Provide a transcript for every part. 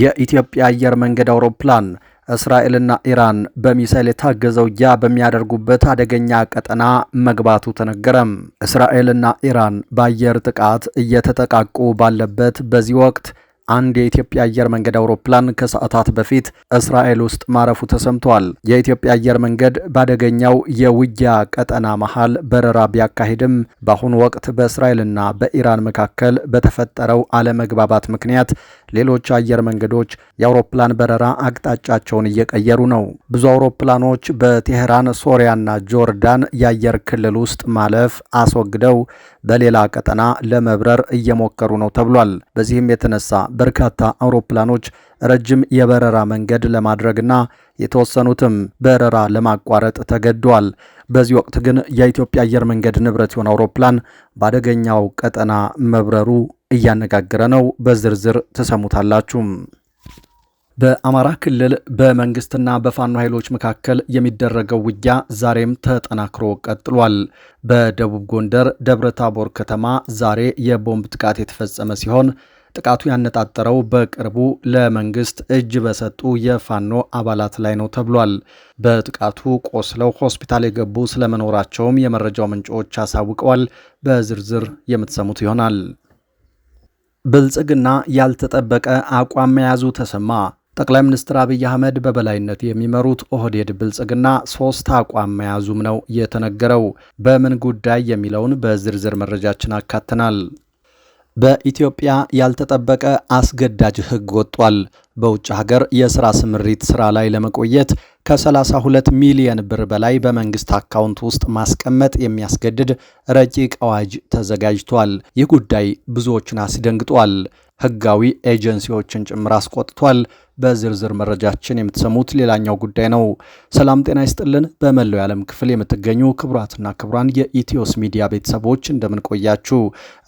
የኢትዮጵያ አየር መንገድ አውሮፕላን እስራኤልና ኢራን በሚሳይል የታገዘው ያ በሚያደርጉበት አደገኛ ቀጠና መግባቱ ተነገረም። እስራኤልና ኢራን በአየር ጥቃት እየተጠቃቁ ባለበት በዚህ ወቅት አንድ የኢትዮጵያ አየር መንገድ አውሮፕላን ከሰዓታት በፊት እስራኤል ውስጥ ማረፉ ተሰምቷል። የኢትዮጵያ አየር መንገድ ባደገኛው የውጊያ ቀጠና መሃል በረራ ቢያካሂድም በአሁኑ ወቅት በእስራኤልና በኢራን መካከል በተፈጠረው አለመግባባት ምክንያት ሌሎች አየር መንገዶች የአውሮፕላን በረራ አቅጣጫቸውን እየቀየሩ ነው። ብዙ አውሮፕላኖች በቴህራን ሶሪያና ጆርዳን የአየር ክልል ውስጥ ማለፍ አስወግደው በሌላ ቀጠና ለመብረር እየሞከሩ ነው ተብሏል። በዚህም የተነሳ በርካታ አውሮፕላኖች ረጅም የበረራ መንገድ ለማድረግና የተወሰኑትም በረራ ለማቋረጥ ተገደዋል። በዚህ ወቅት ግን የኢትዮጵያ አየር መንገድ ንብረት የሆነ አውሮፕላን በአደገኛው ቀጠና መብረሩ እያነጋገረ ነው። በዝርዝር ትሰሙታላችሁ። በአማራ ክልል በመንግስትና በፋኖ ኃይሎች መካከል የሚደረገው ውጊያ ዛሬም ተጠናክሮ ቀጥሏል። በደቡብ ጎንደር ደብረ ታቦር ከተማ ዛሬ የቦምብ ጥቃት የተፈጸመ ሲሆን ጥቃቱ ያነጣጠረው በቅርቡ ለመንግስት እጅ በሰጡ የፋኖ አባላት ላይ ነው ተብሏል። በጥቃቱ ቆስለው ሆስፒታል የገቡ ስለመኖራቸውም የመረጃው ምንጮች አሳውቀዋል። በዝርዝር የምትሰሙት ይሆናል። ብልጽግና ያልተጠበቀ አቋም መያዙ ተሰማ። ጠቅላይ ሚኒስትር አብይ አህመድ በበላይነት የሚመሩት ኦህዴድ ብልጽግና ሶስት አቋም መያዙም ነው የተነገረው። በምን ጉዳይ የሚለውን በዝርዝር መረጃችን አካተናል። በኢትዮጵያ ያልተጠበቀ አስገዳጅ ሕግ ወጥቷል። በውጭ ሀገር የሥራ ስምሪት ሥራ ላይ ለመቆየት ከ32 ሚሊየን ብር በላይ በመንግሥት አካውንት ውስጥ ማስቀመጥ የሚያስገድድ ረቂቅ አዋጅ ተዘጋጅቷል። ይህ ጉዳይ ብዙዎችን አስደንግጧል። ሕጋዊ ኤጀንሲዎችን ጭምር አስቆጥቷል። በዝርዝር መረጃችን የምትሰሙት ሌላኛው ጉዳይ ነው። ሰላም ጤና ይስጥልን። በመላው የዓለም ክፍል የምትገኙ ክቡራትና ክቡራን የኢትዮስ ሚዲያ ቤተሰቦች እንደምን ቆያችሁ?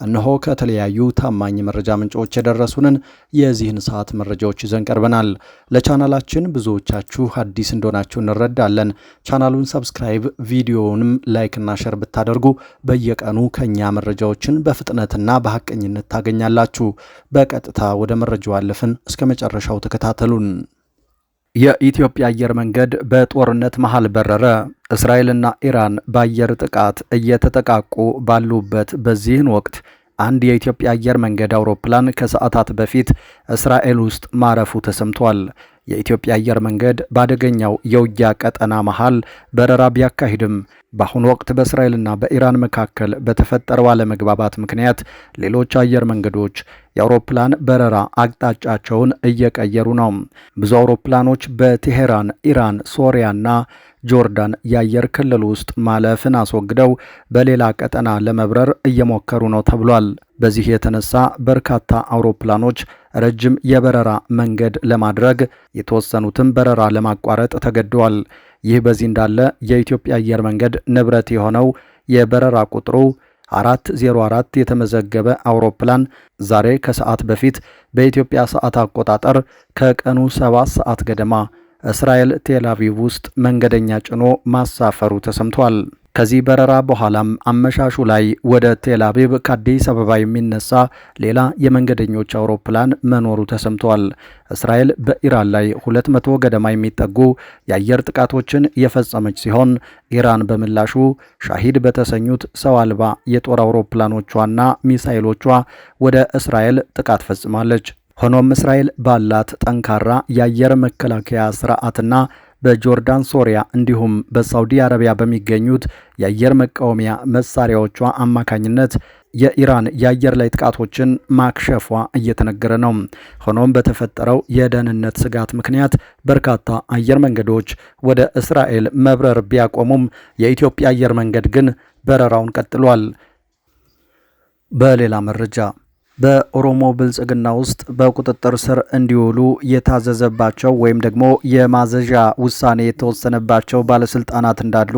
እነሆ ከተለያዩ ታማኝ መረጃ ምንጮች የደረሱንን የዚህን ሰዓት መረጃዎች ይዘን ቀርበናል። ለቻናላችን ብዙዎቻችሁ አዲስ እንደሆናችሁ እንረዳለን። ቻናሉን ሰብስክራይብ፣ ቪዲዮውንም ላይክና ሸር ብታደርጉ በየቀኑ ከኛ መረጃዎችን በፍጥነትና በሐቀኝነት ታገኛላችሁ። በቀጥታ ወደ መረጃው አለፍን። እስከ መጨረሻው ተከታተሉ። ተከታተሉን። የኢትዮጵያ አየር መንገድ በጦርነት መሃል በረረ። እስራኤልና ኢራን በአየር ጥቃት እየተጠቃቁ ባሉበት በዚህን ወቅት አንድ የኢትዮጵያ አየር መንገድ አውሮፕላን ከሰዓታት በፊት እስራኤል ውስጥ ማረፉ ተሰምቷል። የኢትዮጵያ አየር መንገድ በአደገኛው የውጊያ ቀጠና መሃል በረራ ቢያካሂድም በአሁኑ ወቅት በእስራኤልና በኢራን መካከል በተፈጠረው አለመግባባት ምክንያት ሌሎች አየር መንገዶች የአውሮፕላን በረራ አቅጣጫቸውን እየቀየሩ ነው። ብዙ አውሮፕላኖች በቴሄራን፣ ኢራን፣ ሶሪያና ጆርዳን የአየር ክልል ውስጥ ማለፍን አስወግደው በሌላ ቀጠና ለመብረር እየሞከሩ ነው ተብሏል። በዚህ የተነሳ በርካታ አውሮፕላኖች ረጅም የበረራ መንገድ ለማድረግ የተወሰኑትን በረራ ለማቋረጥ ተገደዋል። ይህ በዚህ እንዳለ የኢትዮጵያ አየር መንገድ ንብረት የሆነው የበረራ ቁጥሩ 404 የተመዘገበ አውሮፕላን ዛሬ ከሰዓት በፊት በኢትዮጵያ ሰዓት አቆጣጠር ከቀኑ 7 ሰዓት ገደማ እስራኤል ቴል አቪቭ ውስጥ መንገደኛ ጭኖ ማሳፈሩ ተሰምቷል። ከዚህ በረራ በኋላም አመሻሹ ላይ ወደ ቴል አቪቭ ከአዲስ አበባ የሚነሳ ሌላ የመንገደኞች አውሮፕላን መኖሩ ተሰምቷል። እስራኤል በኢራን ላይ 200 ገደማ የሚጠጉ የአየር ጥቃቶችን የፈጸመች ሲሆን ኢራን በምላሹ ሻሂድ በተሰኙት ሰው አልባ የጦር አውሮፕላኖቿና ሚሳይሎቿ ወደ እስራኤል ጥቃት ፈጽማለች። ሆኖም እስራኤል ባላት ጠንካራ የአየር መከላከያ ስርዓትና በጆርዳን ሶሪያ፣ እንዲሁም በሳውዲ አረቢያ በሚገኙት የአየር መቃወሚያ መሳሪያዎቿ አማካኝነት የኢራን የአየር ላይ ጥቃቶችን ማክሸፏ እየተነገረ ነው። ሆኖም በተፈጠረው የደህንነት ስጋት ምክንያት በርካታ አየር መንገዶች ወደ እስራኤል መብረር ቢያቆሙም የኢትዮጵያ አየር መንገድ ግን በረራውን ቀጥሏል። በሌላ መረጃ በኦሮሞ ብልጽግና ውስጥ በቁጥጥር ስር እንዲውሉ የታዘዘባቸው ወይም ደግሞ የማዘዣ ውሳኔ የተወሰነባቸው ባለስልጣናት እንዳሉ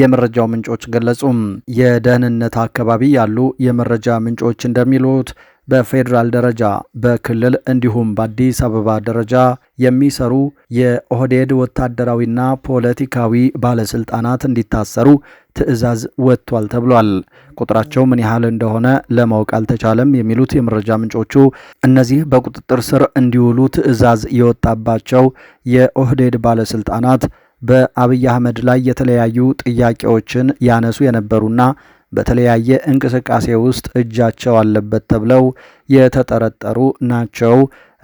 የመረጃው ምንጮች ገለጹም። የደህንነት አካባቢ ያሉ የመረጃ ምንጮች እንደሚሉት በፌዴራል ደረጃ በክልል እንዲሁም በአዲስ አበባ ደረጃ የሚሰሩ የኦህዴድ ወታደራዊና ፖለቲካዊ ባለስልጣናት እንዲታሰሩ ትዕዛዝ ወጥቷል ተብሏል። ቁጥራቸው ምን ያህል እንደሆነ ለማወቅ አልተቻለም የሚሉት የመረጃ ምንጮቹ እነዚህ በቁጥጥር ስር እንዲውሉ ትዕዛዝ የወጣባቸው የኦህዴድ ባለስልጣናት በአብይ አህመድ ላይ የተለያዩ ጥያቄዎችን ያነሱ የነበሩና በተለያየ እንቅስቃሴ ውስጥ እጃቸው አለበት ተብለው የተጠረጠሩ ናቸው።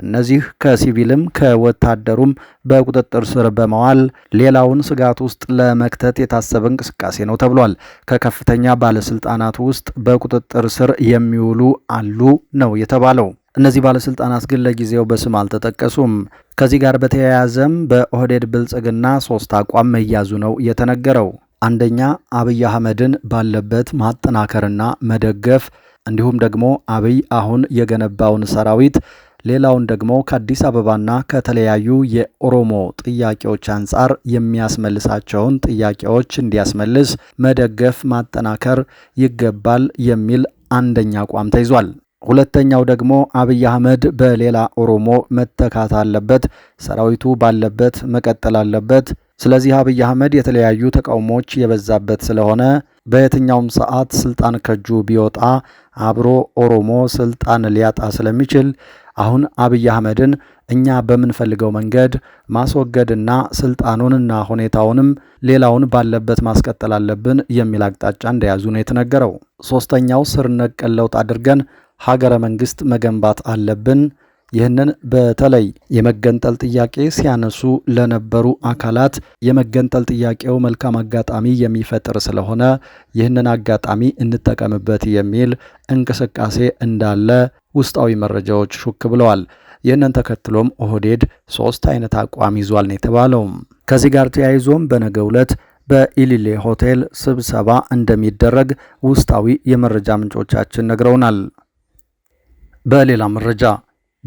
እነዚህ ከሲቪልም ከወታደሩም በቁጥጥር ስር በመዋል ሌላውን ስጋት ውስጥ ለመክተት የታሰበ እንቅስቃሴ ነው ተብሏል። ከከፍተኛ ባለስልጣናት ውስጥ በቁጥጥር ስር የሚውሉ አሉ ነው የተባለው። እነዚህ ባለስልጣናት ግን ለጊዜው በስም አልተጠቀሱም። ከዚህ ጋር በተያያዘም በኦህዴድ ብልጽግና ሶስት አቋም መያዙ ነው የተነገረው። አንደኛ አብይ አህመድን ባለበት ማጠናከርና መደገፍ እንዲሁም ደግሞ አብይ አሁን የገነባውን ሰራዊት ሌላውን ደግሞ ከአዲስ አበባና ከተለያዩ የኦሮሞ ጥያቄዎች አንጻር የሚያስመልሳቸውን ጥያቄዎች እንዲያስመልስ መደገፍ፣ ማጠናከር ይገባል የሚል አንደኛ አቋም ተይዟል። ሁለተኛው ደግሞ አብይ አህመድ በሌላ ኦሮሞ መተካት አለበት፣ ሰራዊቱ ባለበት መቀጠል አለበት ስለዚህ አብይ አህመድ የተለያዩ ተቃውሞዎች የበዛበት ስለሆነ በየትኛውም ሰዓት ስልጣን ከጁ ቢወጣ አብሮ ኦሮሞ ስልጣን ሊያጣ ስለሚችል አሁን አብይ አህመድን እኛ በምንፈልገው መንገድ ማስወገድና ስልጣኑንና ሁኔታውንም ሌላውን ባለበት ማስቀጠል አለብን የሚል አቅጣጫ እንደያዙ ነው የተነገረው። ሶስተኛው ስር ነቀል ለውጥ አድርገን ሀገረ መንግስት መገንባት አለብን ይህንን በተለይ የመገንጠል ጥያቄ ሲያነሱ ለነበሩ አካላት የመገንጠል ጥያቄው መልካም አጋጣሚ የሚፈጥር ስለሆነ ይህንን አጋጣሚ እንጠቀምበት የሚል እንቅስቃሴ እንዳለ ውስጣዊ መረጃዎች ሹክ ብለዋል። ይህንን ተከትሎም ኦህዴድ ሶስት አይነት አቋም ይዟል ነው የተባለው። ከዚህ ጋር ተያይዞም በነገ ዕለት በኢሊሌ ሆቴል ስብሰባ እንደሚደረግ ውስጣዊ የመረጃ ምንጮቻችን ነግረውናል። በሌላ መረጃ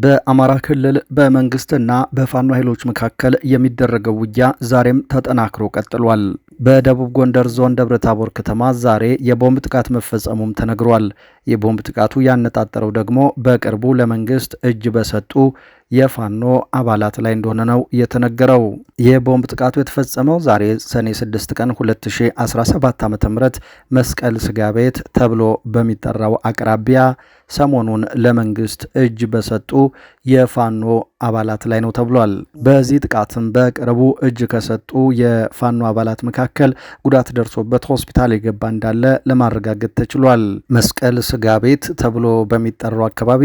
በአማራ ክልል በመንግስትና በፋኖ ኃይሎች መካከል የሚደረገው ውጊያ ዛሬም ተጠናክሮ ቀጥሏል። በደቡብ ጎንደር ዞን ታቦር ከተማ ዛሬ የቦምብ ጥቃት መፈጸሙም ተነግሯል። የቦምብ ጥቃቱ ያነጣጠረው ደግሞ በቅርቡ ለመንግስት እጅ በሰጡ የፋኖ አባላት ላይ እንደሆነ ነው የተነገረው። የቦምብ ጥቃቱ የተፈጸመው ዛሬ ሰኔ 6 ቀን 2017 ዓ ም መስቀል ስጋ ቤት ተብሎ በሚጠራው አቅራቢያ ሰሞኑን ለመንግስት እጅ በሰጡ የፋኖ አባላት ላይ ነው ተብሏል። በዚህ ጥቃትም በቅርቡ እጅ ከሰጡ የፋኖ አባላት መካከል ጉዳት ደርሶበት ሆስፒታል የገባ እንዳለ ለማረጋገጥ ተችሏል። መስቀል ስጋ ቤት ተብሎ በሚጠራው አካባቢ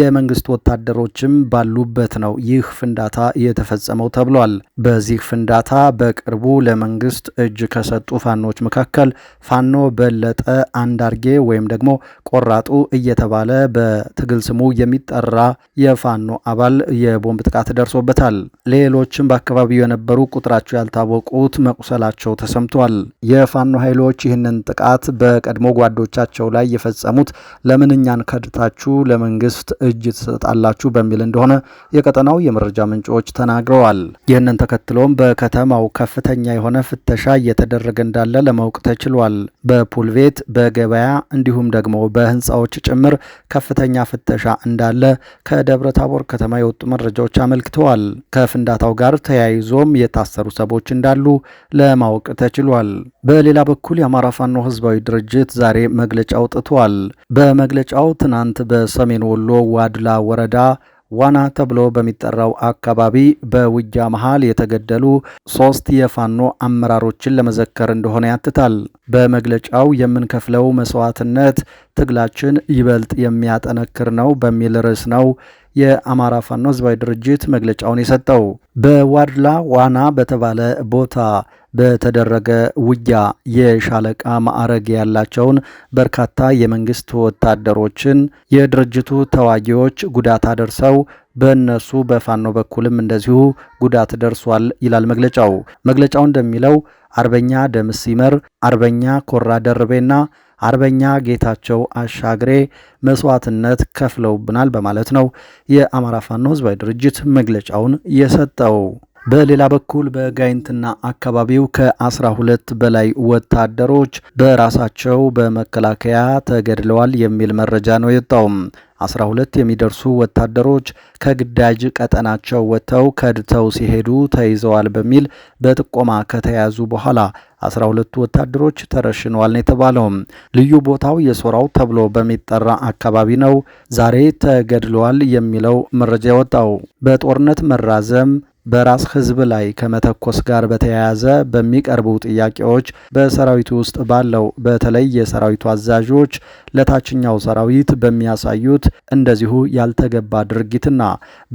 የመንግስት ወታደሮችም ባሉ ባሉበት ነው ይህ ፍንዳታ የተፈጸመው ተብሏል። በዚህ ፍንዳታ በቅርቡ ለመንግስት እጅ ከሰጡ ፋኖች መካከል ፋኖ በለጠ አንዳርጌ ወይም ደግሞ ቆራጡ እየተባለ በትግል ስሙ የሚጠራ የፋኖ አባል የቦምብ ጥቃት ደርሶበታል። ሌሎችም በአካባቢው የነበሩ ቁጥራቸው ያልታወቁት መቁሰላቸው ተሰምቷል። የፋኖ ኃይሎች ይህንን ጥቃት በቀድሞ ጓዶቻቸው ላይ የፈጸሙት ለምን እኛን ከድታችሁ ለመንግስት እጅ ትሰጣላችሁ በሚል እንደሆነ የቀጠናው የመረጃ ምንጮች ተናግረዋል። ይህንን ተከትሎም በከተማው ከፍተኛ የሆነ ፍተሻ እየተደረገ እንዳለ ለማወቅ ተችሏል። በፑልቬት በገበያ እንዲሁም ደግሞ በህንፃዎች ጭምር ከፍተኛ ፍተሻ እንዳለ ከደብረ ታቦር ከተማ የወጡ መረጃዎች አመልክተዋል። ከፍንዳታው ጋር ተያይዞም የታሰሩ ሰዎች እንዳሉ ለማወቅ ተችሏል። በሌላ በኩል የአማራ ፋኖ ህዝባዊ ድርጅት ዛሬ መግለጫ አውጥቷል። በመግለጫው ትናንት በሰሜን ወሎ ዋድላ ወረዳ ዋና ተብሎ በሚጠራው አካባቢ በውጊያ መሃል የተገደሉ ሶስት የፋኖ አመራሮችን ለመዘከር እንደሆነ ያትታል። በመግለጫው የምንከፍለው መስዋዕትነት ትግላችን ይበልጥ የሚያጠነክር ነው በሚል ርዕስ ነው የአማራ ፋኖ ህዝባዊ ድርጅት መግለጫውን የሰጠው በዋድላ ዋና በተባለ ቦታ በተደረገ ውጊያ የሻለቃ ማዕረግ ያላቸውን በርካታ የመንግስት ወታደሮችን የድርጅቱ ተዋጊዎች ጉዳት አደርሰው በእነሱ በፋኖ በኩልም እንደዚሁ ጉዳት ደርሷል ይላል መግለጫው። መግለጫው እንደሚለው አርበኛ ደምስ ሲመር፣ አርበኛ ኮራ ደርቤና አርበኛ ጌታቸው አሻግሬ መስዋዕትነት ከፍለውብናል በማለት ነው የአማራ ፋኖ ህዝባዊ ድርጅት መግለጫውን የሰጠው። በሌላ በኩል በጋይንትና አካባቢው ከ12 በላይ ወታደሮች በራሳቸው በመከላከያ ተገድለዋል የሚል መረጃ ነው የወጣውም። 12 የሚደርሱ ወታደሮች ከግዳጅ ቀጠናቸው ወጥተው ከድተው ሲሄዱ ተይዘዋል በሚል በጥቆማ ከተያዙ በኋላ 12 ወታደሮች ተረሽነዋል ነው የተባለው። ልዩ ቦታው የሶራው ተብሎ በሚጠራ አካባቢ ነው ዛሬ ተገድለዋል የሚለው መረጃ የወጣው። በጦርነት መራዘም በራስ ህዝብ ላይ ከመተኮስ ጋር በተያያዘ በሚቀርቡ ጥያቄዎች በሰራዊቱ ውስጥ ባለው በተለይ የሰራዊቱ አዛዦች ለታችኛው ሰራዊት በሚያሳዩት እንደዚሁ ያልተገባ ድርጊትና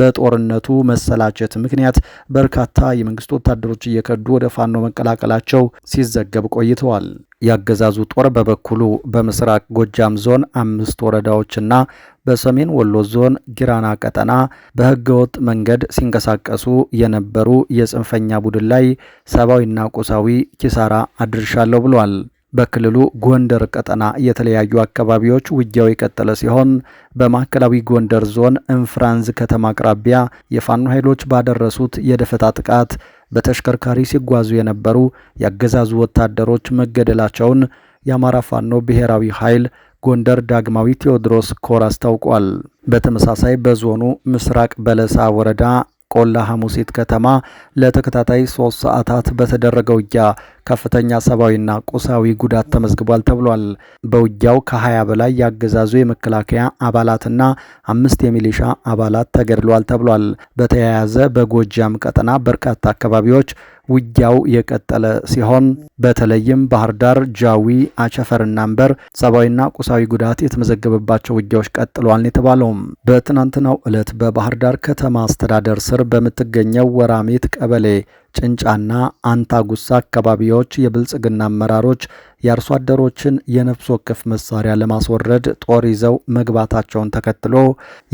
በጦርነቱ መሰላቸት ምክንያት በርካታ የመንግስት ወታደሮች እየከዱ ወደ ፋኖ መቀላቀላቸው ሲዘገብ ቆይተዋል። ያገዛዙ ጦር በበኩሉ በምስራቅ ጎጃም ዞን አምስት ወረዳዎችና በሰሜን ወሎ ዞን ጊራና ቀጠና በህገወጥ መንገድ ሲንቀሳቀሱ የነበሩ የጽንፈኛ ቡድን ላይ ሰብአዊና ቁሳዊ ኪሳራ አድርሻለሁ ብሏል። በክልሉ ጎንደር ቀጠና የተለያዩ አካባቢዎች ውጊያው የቀጠለ ሲሆን በማዕከላዊ ጎንደር ዞን እንፍራንዝ ከተማ አቅራቢያ የፋኖ ኃይሎች ባደረሱት የደፈጣ ጥቃት በተሽከርካሪ ሲጓዙ የነበሩ የአገዛዙ ወታደሮች መገደላቸውን የአማራ ፋኖ ብሔራዊ ኃይል ጎንደር ዳግማዊ ቴዎድሮስ ኮር አስታውቋል። በተመሳሳይ በዞኑ ምስራቅ በለሳ ወረዳ ቆላ ሐሙሲት ከተማ ለተከታታይ ሶስት ሰዓታት በተደረገ ውጊያ ከፍተኛ ሰብአዊና ቁሳዊ ጉዳት ተመዝግቧል ተብሏል። በውጊያው ከ20 በላይ ያገዛዙ የመከላከያ አባላትና አምስት የሚሊሻ አባላት ተገድለዋል ተብሏል። በተያያዘ በጎጃም ቀጠና በርካታ አካባቢዎች ውጊያው የቀጠለ ሲሆን በተለይም ባህር ዳር፣ ጃዊ፣ አቸፈርና አንበር ሰብአዊና ቁሳዊ ጉዳት የተመዘገበባቸው ውጊያዎች ቀጥሏል የተባለውም በትናንትናው ዕለት በባህር ዳር ከተማ አስተዳደር ስር በምትገኘው ወራሜት ቀበሌ ጭንጫና አንታጉሳ አካባቢዎች የብልጽግና አመራሮች የአርሶ አደሮችን የነፍስ ወከፍ መሳሪያ ለማስወረድ ጦር ይዘው መግባታቸውን ተከትሎ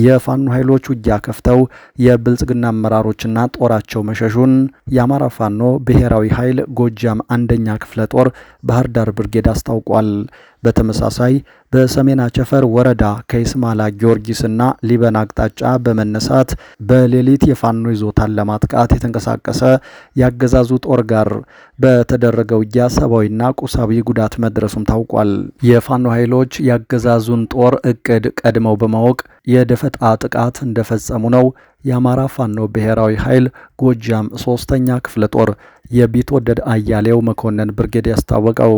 የፋኖ ኃይሎች ውጊያ ከፍተው የብልጽግና አመራሮችና ጦራቸው መሸሹን የአማራ ፋኖ ብሔራዊ ኃይል ጎጃም አንደኛ ክፍለ ጦር ባህር ዳር ብርጌድ አስታውቋል። በተመሳሳይ በሰሜን አቸፈር ወረዳ ከይስማላ ጊዮርጊስና ሊበን አቅጣጫ በመነሳት በሌሊት የፋኖ ይዞታን ለማጥቃት የተንቀሳቀሰ ያገዛዙ ጦር ጋር በተደረገው ውጊያ ሰብአዊና ቁሳዊ ጉዳት መድረሱም ታውቋል። የፋኖ ኃይሎች የአገዛዙን ጦር እቅድ ቀድመው በማወቅ የደፈጣ ጥቃት እንደፈጸሙ ነው የአማራ ፋኖ ብሔራዊ ኃይል ጎጃም ሶስተኛ ክፍለ ጦር የቢትወደድ አያሌው መኮንን ብርጌድ ያስታወቀው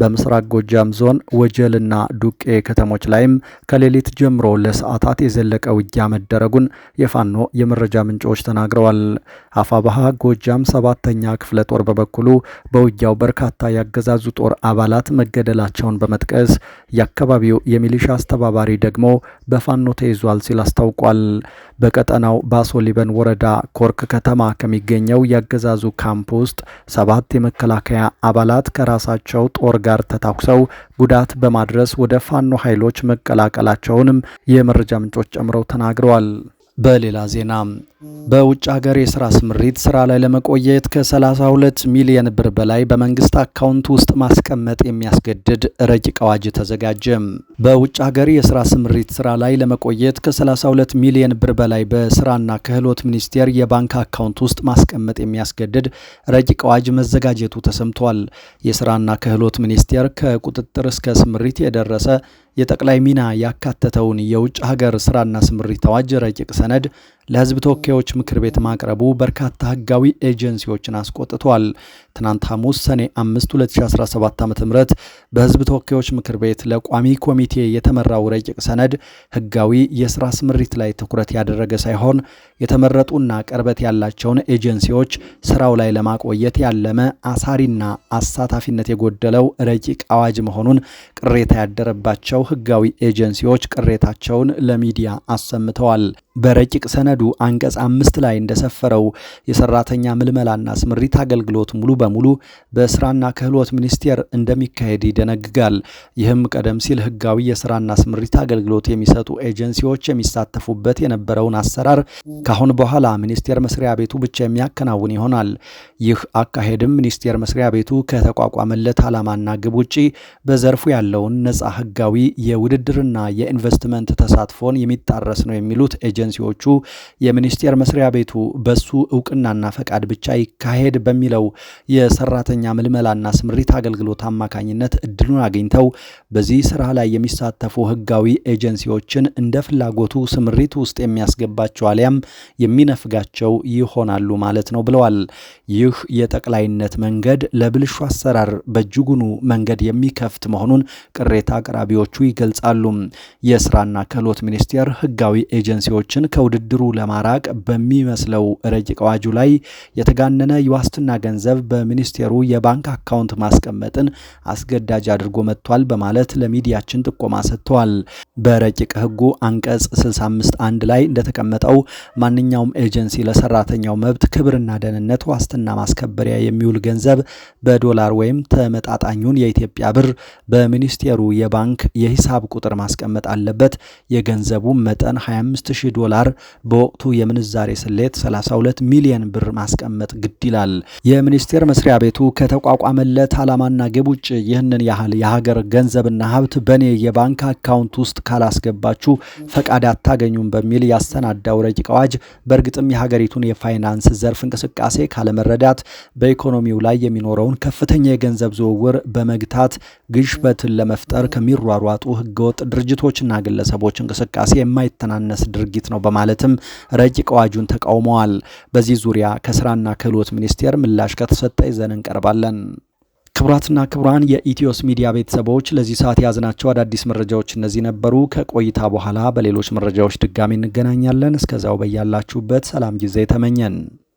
በምስራቅ ጎጃም ዞን ወጀልና ዱቄ ከተሞች ላይም ከሌሊት ጀምሮ ለሰዓታት የዘለቀ ውጊያ መደረጉን የፋኖ የመረጃ ምንጮች ተናግረዋል። አፋባሃ ጎጃም ሰባተኛ ክፍለ ጦር በበኩሉ በውጊያው በርካታ ያገዛዙ ጦር አባላት መገደላቸውን በመጥቀስ የአካባቢው የሚሊሻ አስተባባሪ ደግሞ በፋኖ ተይዟል ሲል አስታውቋል። በቀጠናው ሊበን ወረዳ ኮርክ ከተማ ከሚገኘው የአገዛዙ ካምፕ ውስጥ ሰባት የመከላከያ አባላት ከራሳቸው ጦር ጋር ተታኩሰው ጉዳት በማድረስ ወደ ፋኖ ኃይሎች መቀላቀላቸውንም የመረጃ ምንጮች ጨምረው ተናግረዋል። በሌላ ዜና በውጭ ሀገር የስራ ስምሪት ስራ ላይ ለመቆየት ከ32 ሚሊየን ብር በላይ በመንግስት አካውንት ውስጥ ማስቀመጥ የሚያስገድድ ረቂቅ አዋጅ ተዘጋጀ። በውጭ ሀገር የስራ ስምሪት ስራ ላይ ለመቆየት ከ32 ሚሊየን ብር በላይ በስራና ክህሎት ሚኒስቴር የባንክ አካውንት ውስጥ ማስቀመጥ የሚያስገድድ ረቂቅ አዋጅ መዘጋጀቱ ተሰምቷል። የስራና ክህሎት ሚኒስቴር ከቁጥጥር እስከ ስምሪት የደረሰ የጠቅላይ ሚና ያካተተውን የውጭ ሀገር ስራና ስምሪት አዋጅ ረቂቅ ሰነድ ለህዝብ ተወካዮች ምክር ቤት ማቅረቡ በርካታ ህጋዊ ኤጀንሲዎችን አስቆጥቷል። ትናንት ሐሙስ ሰኔ 5 2017 ዓ ም በህዝብ ተወካዮች ምክር ቤት ለቋሚ ኮሚቴ የተመራው ረቂቅ ሰነድ ህጋዊ የስራ ስምሪት ላይ ትኩረት ያደረገ ሳይሆን የተመረጡና ቅርበት ያላቸውን ኤጀንሲዎች ስራው ላይ ለማቆየት ያለመ አሳሪና አሳታፊነት የጎደለው ረቂቅ አዋጅ መሆኑን ቅሬታ ያደረባቸው ህጋዊ ኤጀንሲዎች ቅሬታቸውን ለሚዲያ አሰምተዋል። በረቂቅ ሰነዱ አንቀጽ አምስት ላይ እንደሰፈረው የሰራተኛ ምልመላና ስምሪት አገልግሎት ሙሉ በሙሉ በስራና ክህሎት ሚኒስቴር እንደሚካሄድ ይደነግጋል። ይህም ቀደም ሲል ህጋዊ የስራና ስምሪት አገልግሎት የሚሰጡ ኤጀንሲዎች የሚሳተፉበት የነበረውን አሰራር ካሁን በኋላ ሚኒስቴር መስሪያ ቤቱ ብቻ የሚያከናውን ይሆናል። ይህ አካሄድም ሚኒስቴር መስሪያ ቤቱ ከተቋቋመለት ዓላማና ግብ ውጪ በዘርፉ ያለውን ነጻ ህጋዊ የውድድርና የኢንቨስትመንት ተሳትፎን የሚጣረስ ነው የሚሉት ኤጀንሲዎቹ የሚኒስቴር መስሪያ ቤቱ በሱ እውቅናና ፈቃድ ብቻ ይካሄድ በሚለው የሰራተኛ ምልመላና ስምሪት አገልግሎት አማካኝነት እድሉን አግኝተው በዚህ ስራ ላይ የሚሳተፉ ህጋዊ ኤጀንሲዎችን እንደ ፍላጎቱ ስምሪት ውስጥ የሚያስገባቸው አሊያም የሚነፍጋቸው ይሆናሉ ማለት ነው ብለዋል። ይህ የጠቅላይነት መንገድ ለብልሹ አሰራር በእጅጉኑ መንገድ የሚከፍት መሆኑን ቅሬታ አቅራቢዎቹ ይገልጻሉ። የስራና ክህሎት ሚኒስቴር ህጋዊ ኤጀንሲዎችን ከውድድሩ ለማራቅ በሚመስለው ረቂቅ አዋጁ ላይ የተጋነነ የዋስትና ገንዘብ በሚኒስቴሩ የባንክ አካውንት ማስቀመጥን አስገዳጅ አድርጎ መጥቷል በማለት በማለት ለሚዲያችን ጥቆማ ሰጥተዋል። በረቂቅ ህጉ አንቀጽ 65 አንድ ላይ እንደተቀመጠው ማንኛውም ኤጀንሲ ለሰራተኛው መብት ክብርና ደህንነት ዋስትና ማስከበሪያ የሚውል ገንዘብ በዶላር ወይም ተመጣጣኙን የኢትዮጵያ ብር በሚኒስቴሩ የባንክ የሂሳብ ቁጥር ማስቀመጥ አለበት። የገንዘቡ መጠን 25000 ዶላር በወቅቱ የምንዛሬ ስሌት 32 ሚሊዮን ብር ማስቀመጥ ግድ ይላል። የሚኒስቴር መስሪያ ቤቱ ከተቋቋመለት ዓላማና ግብ ውጭ ይህንን ያህል የሀገር ገንዘብ ገንዘብና ሀብት በእኔ የባንክ አካውንት ውስጥ ካላስገባችሁ ፈቃድ አታገኙም በሚል ያሰናዳው ረቂቅ አዋጅ በእርግጥም የሀገሪቱን የፋይናንስ ዘርፍ እንቅስቃሴ ካለመረዳት በኢኮኖሚው ላይ የሚኖረውን ከፍተኛ የገንዘብ ዝውውር በመግታት ግሽበትን ለመፍጠር ከሚሯሯጡ ህገወጥ ድርጅቶችና ግለሰቦች እንቅስቃሴ የማይተናነስ ድርጊት ነው በማለትም ረቂቅ አዋጁን ተቃውመዋል። በዚህ ዙሪያ ከስራና ክህሎት ሚኒስቴር ምላሽ ከተሰጠ ይዘን እንቀርባለን። ክቡራትና ክቡራን የኢትዮስ ሚዲያ ቤተሰቦች ለዚህ ሰዓት የያዝናቸው አዳዲስ መረጃዎች እነዚህ ነበሩ። ከቆይታ በኋላ በሌሎች መረጃዎች ድጋሚ እንገናኛለን። እስከዛው በያላችሁበት ሰላም ጊዜ ተመኘን።